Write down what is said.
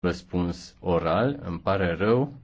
răspuns oral. Îmi pare rău,